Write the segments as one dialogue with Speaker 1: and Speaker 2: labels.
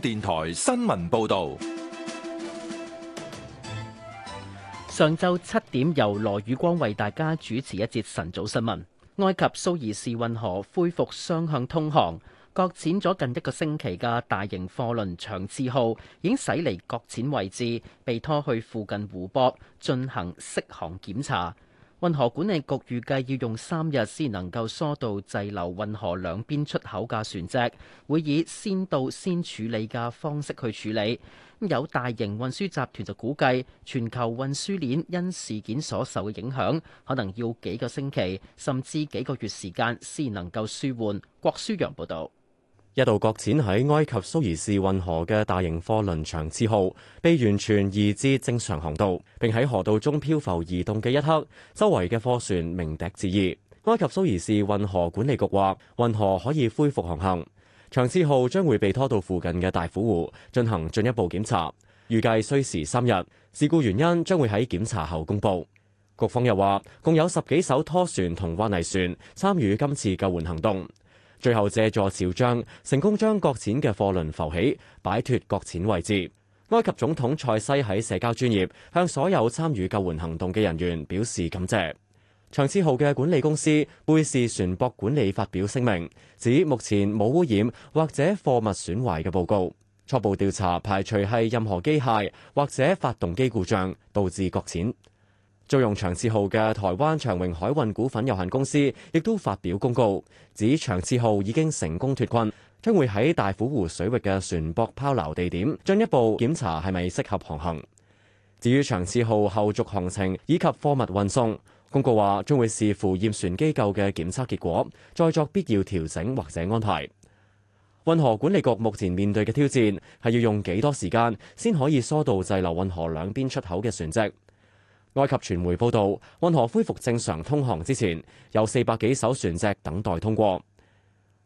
Speaker 1: 電台新聞報道：上晝七點，由羅宇光為大家主持一節晨早新聞。埃及蘇伊士運河恢復雙向通航，擱淺咗近一個星期嘅大型貨輪長賜號，已經駛離擱淺位置，被拖去附近湖泊進行適航檢查。運河管理局預計要用三日先能夠疏導滯留運河兩邊出口嘅船隻，會以先到先處理嘅方式去處理。有大型運輸集團就估計，全球運輸鏈因事件所受嘅影響，可能要幾個星期，甚至幾個月時間先能夠舒緩。郭舒揚報導。
Speaker 2: 一度擱淺喺埃及蘇伊士運河嘅大型貨輪長賜號，被完全移至正常航道，並喺河道中漂浮移動嘅一刻，周圍嘅貨船鳴笛致意。埃及蘇伊士運河管理局話，運河可以恢復航行，長賜號將會被拖到附近嘅大府湖進行進一步檢查，預計需時三日。事故原因將會喺檢查後公布。局方又話，共有十幾艘拖船同挖泥船參與今次救援行動。最後借助潮漲，成功將擱淺嘅貨輪浮起，擺脫擱淺位置。埃及總統塞西喺社交專業向所有參與救援行動嘅人員表示感謝。長賜號嘅管理公司貝氏船舶管理發表聲明，指目前冇污染或者貨物損壞嘅報告，初步調查排除係任何機械或者發動機故障導致擱淺。租用長賜號嘅台灣長榮海運股份有限公司亦都發表公告，指長賜號已經成功脫困，將會喺大虎湖水域嘅船舶拋錨地點進一步檢查係咪適合航行。至於長賜號後續航程以及貨物運送，公告話將會視乎驗船機構嘅檢測結果，再作必要調整或者安排。運河管理局目前面對嘅挑戰係要用幾多時間先可以疏導滯留運河兩邊出口嘅船隻。埃及傳媒報道，運河恢復正常通航之前，有四百幾艘船隻等待通過。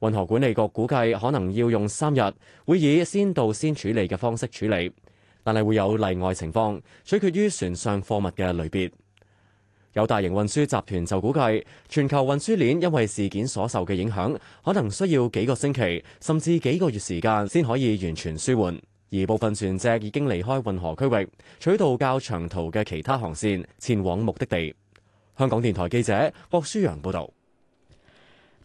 Speaker 2: 運河管理局估計可能要用三日，會以先到先處理嘅方式處理，但係會有例外情況，取決於船上貨物嘅類別。有大型運輸集團就估計，全球運輸鏈因為事件所受嘅影響，可能需要幾個星期，甚至幾個月時間先可以完全舒緩。而部分船隻已經離開運河區域，取道較長途嘅其他航綫前往目的地。香港電台記者郭舒陽報道。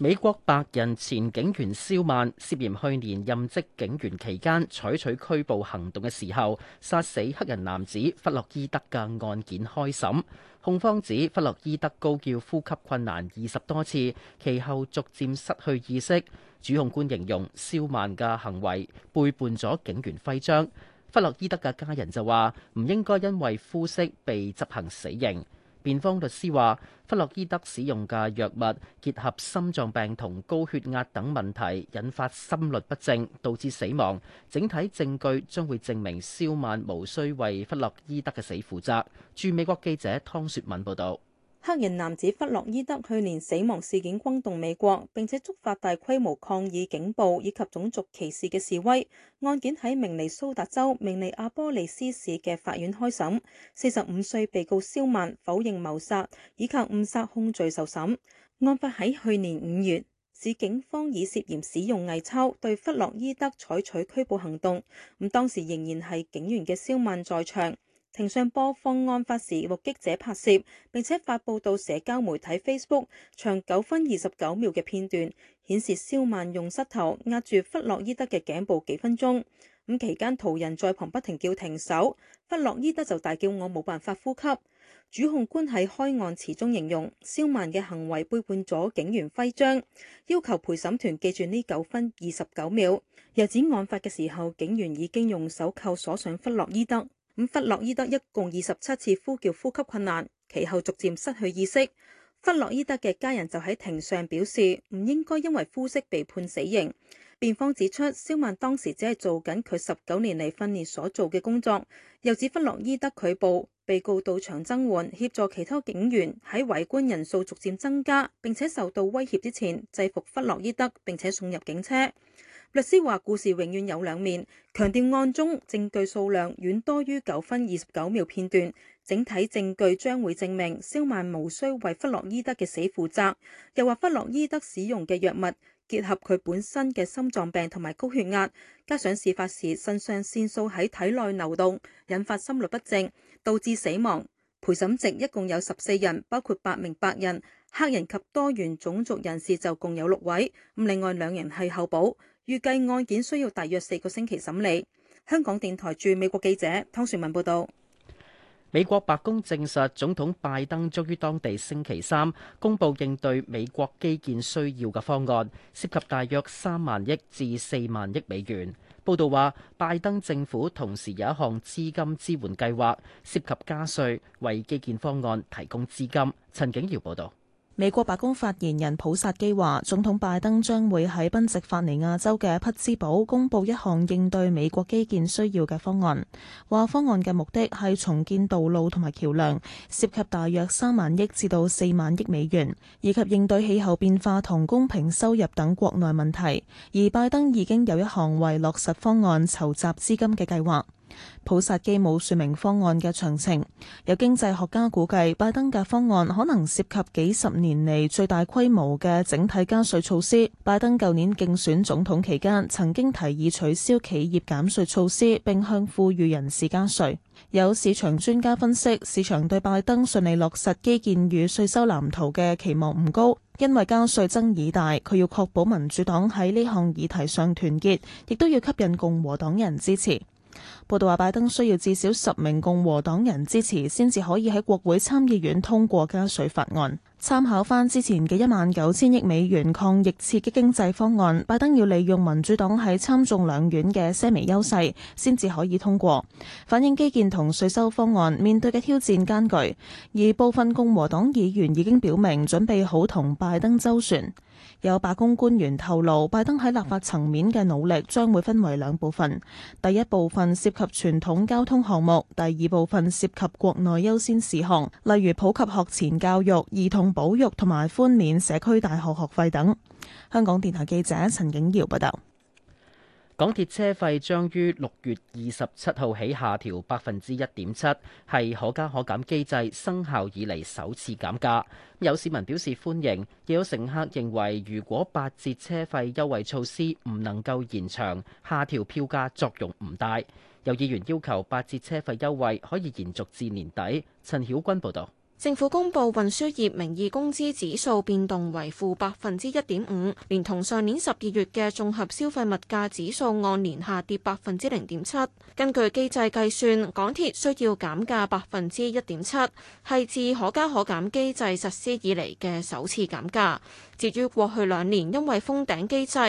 Speaker 2: 美
Speaker 1: 國白人前警員肖曼涉嫌去年任職警員期間採取拘捕行動嘅時候，殺死黑人男子弗洛伊德嘅案件開審。控方指弗洛伊德高叫呼吸困難二十多次，其後逐漸失去意識。主控官形容肖曼嘅行為背叛咗警員徽章。弗洛伊德嘅家人就話唔應該因為膚色被執行死刑。辯方律師話：弗洛伊德使用嘅藥物結合心臟病同高血壓等問題，引發心律不正，導致死亡。整體證據將會證明肖曼無需為弗洛伊德嘅死負責。駐美國記者湯雪敏報道。
Speaker 3: 黑人男子弗洛伊德去年死亡事件轟動美國，並且觸發大規模抗議警暴以及種族歧視嘅示威。案件喺明尼蘇達州明尼阿波利斯市嘅法院開審，四十五歲被告肖曼否認謀殺以及誤殺控罪受審。案發喺去年五月，市警方以涉嫌使用偽鈔對弗洛伊德採取拘捕行動，咁當時仍然係警員嘅肖曼在場。庭上播放案發時目擊者拍攝，並且發布到社交媒體 Facebook 長九分二十九秒嘅片段，顯示肖曼用膝頭壓住弗洛伊德嘅頸部幾分鐘。咁期間，途人在旁不停叫停手，弗洛伊德就大叫我冇辦法呼吸。主控官喺開案詞中形容肖曼嘅行為背叛咗警員徽章，要求陪審團記住呢九分二十九秒。又指案發嘅時候，警員已經用手銬鎖上弗洛伊德。咁弗洛伊德一共二十七次呼叫呼吸困難，其後逐漸失去意識。弗洛伊德嘅家人就喺庭上表示，唔應該因為呼吸被判死刑。辯方指出，肖曼當時只係做緊佢十九年嚟訓練所做嘅工作，又指弗洛伊德拒捕，被告到場增援協助其他警員喺圍觀人數逐漸增加並且受到威脅之前制服弗洛伊德，並且送入警車。律師話：故事永遠有兩面，強調案中證據數量遠多於九分二十九秒片段，整體證據將會證明肖曼無需為弗洛伊德嘅死負責。又話弗洛伊德使用嘅藥物結合佢本身嘅心臟病同埋高血壓，加上事發時腎上腺素喺體內流動，引發心律不正，導致死亡。陪審席一共有十四人，包括八名白人、黑人及多元種族人士就共有六位。咁另外兩人係候補。預計案件需要大約四個星期審理。香港電台駐美國記者湯順文報道。
Speaker 1: 美國白宮證實，總統拜登將於當地星期三公布應對美國基建需要嘅方案，涉及大約三萬億至四萬億美元。報道話，拜登政府同時有一項資金支援計劃，涉及加稅為基建方案提供資金。陳景堯報道。
Speaker 4: 美國白宮發言人普薩基話，總統拜登將會喺賓夕法尼亞州嘅匹茲堡公布一項應對美國基建需要嘅方案，話方案嘅目的係重建道路同埋橋樑，涉及大約三萬億至到四萬億美元，以及應對氣候變化同公平收入等國內問題。而拜登已經有一項為落實方案籌集資金嘅計劃。普薩基冇說明方案嘅詳情。有經濟學家估計，拜登嘅方案可能涉及幾十年嚟最大規模嘅整體加稅措施。拜登舊年競選總統期間曾經提議取消企業減稅措施，並向富裕人士加稅。有市場專家分析，市場對拜登順利落實基建與稅收藍圖嘅期望唔高，因為加稅爭議大，佢要確保民主黨喺呢項議題上團結，亦都要吸引共和黨人支持。報道話，拜登需要至少十名共和黨人支持，先至可以喺國會參議院通過加稅法案。參考翻之前嘅一萬九千億美元抗疫刺激經濟方案，拜登要利用民主黨喺參眾兩院嘅些微優勢，先至可以通過。反映基建同稅收方案面對嘅挑戰艱巨，而部分共和黨議員已經表明準備好同拜登周旋。有白宮官員透露，拜登喺立法層面嘅努力將會分為兩部分，第一部分涉及傳統交通項目，第二部分涉及國內優先事項，例如普及學前教育、兒童保育同埋寬免社區大學學費等。香港電台記者陳景堯報道。
Speaker 1: 港鐵車費將於六月二十七號起下調百分之一點七，係可加可減機制生效以嚟首次減價。有市民表示歡迎，亦有乘客認為如果八折車費優惠措施唔能夠延長，下調票價作用唔大。有議員要求八折車費優惠可以延續至年底。陳曉君報導。
Speaker 5: 政府公布運輸業名義工資指數變動為負百分之一點五，連同上年十二月嘅綜合消費物價指數按年下跌百分之零點七。根據機制計算，港鐵需要減價百分之一點七，係自可加可減機制實施以嚟嘅首次減價。至於過去兩年因為封頂機制，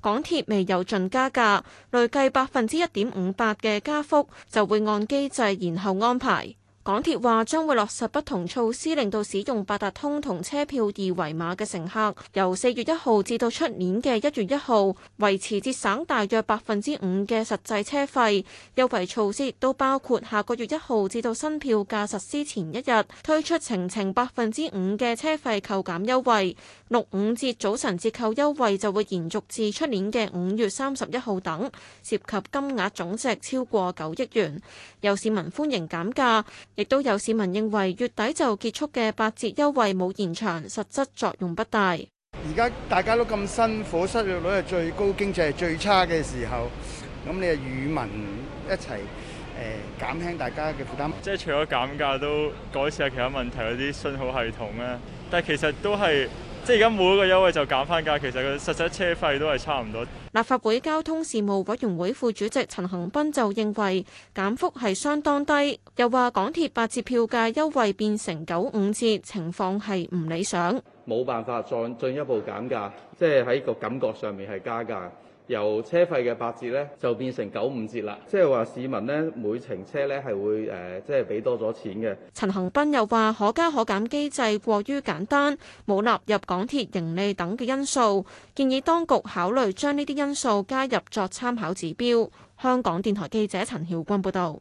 Speaker 5: 港鐵未有盡加價，累計百分之一點五八嘅加幅就會按機制延後安排。港鐵話將會落實不同措施，令到使用八達通同車票二維碼嘅乘客，由四月一號至到出年嘅一月一號維持節省大約百分之五嘅實際車費，優惠措施亦都包括下個月一號至到新票價實施前一日推出程程百分之五嘅車費扣減優惠，六五折早晨折扣優惠就會延續至出年嘅五月三十一號等，涉及金額總值超過九億元。有市民歡迎減價。亦都有市民認為月底就結束嘅八折優惠冇延長，實質作用不大。
Speaker 2: 而家大家都咁辛苦，失業率係最高，經濟係最差嘅時候，咁你係與民一齊誒、呃、減輕大家嘅負擔。即係除咗減價都改善下其他問題，嗰啲信號系統啊，但係其實都係。即係而家每一個優惠就減翻價，其實佢實際車費都係差唔多。
Speaker 5: 立法會交通事務委員會副主席陳恒斌就認為減幅係相當低，又話港鐵八折票價優惠變成九五折，情況係唔理想。
Speaker 2: 冇辦法再進一步減價，即係喺個感覺上面係加價。由車費嘅八折咧，就變成九五折啦。即係話市民咧，每程車咧係會誒，即係俾多咗錢嘅。
Speaker 5: 陳恒斌又話：可加可減機制過於簡單，冇納入港鐵盈利等嘅因素，建議當局考慮將呢啲因素加入作參考指標。香港電台記者陳曉君報道。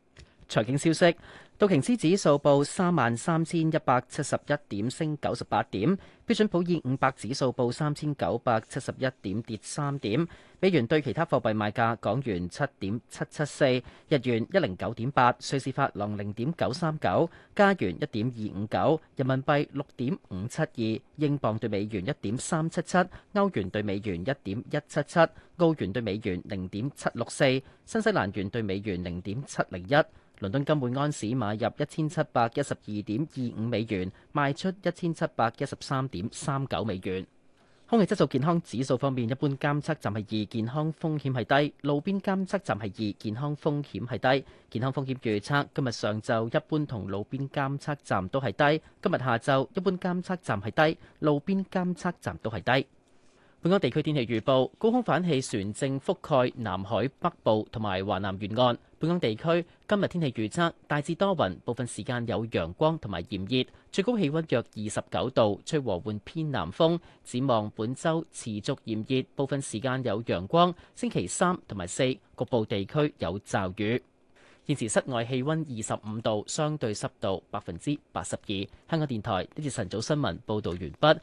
Speaker 1: 財經消息：道瓊斯指數報三萬三千一百七十一點，升九十八點；標準普爾五百指數報三千九百七十一點，跌三點。美元對其他貨幣賣價：港元七點七七四，日元一零九點八，瑞士法郎零點九三九，加元一點二五九，人民幣六點五七二，英鎊對美元一點三七七，歐元對美元一點一七七，澳元對美元零點七六四，新西蘭元對美元零點七零一。倫敦金每安士買入一千七百一十二點二五美元，賣出一千七百一十三點三九美元。空氣質素健康指數方面，一般監測站係二，健康風險係低；路邊監測站係二，健康風險係低。健康風險預測今日上晝一般同路邊監測站都係低，今日下晝一般監測站係低，路邊監測站都係低。本港地區天氣預報：高空反氣旋正覆蓋南海北部同埋華南沿岸。本港地區今日天氣預測，大致多雲，部分時間有陽光同埋炎熱，最高氣溫約二十九度，吹和緩偏南風。展望本周持續炎熱，部分時間有陽光。星期三同埋四，局部地區有驟雨。現時室外氣溫二十五度，相對濕度百分之八十二。香港電台呢次晨早新聞報道完畢。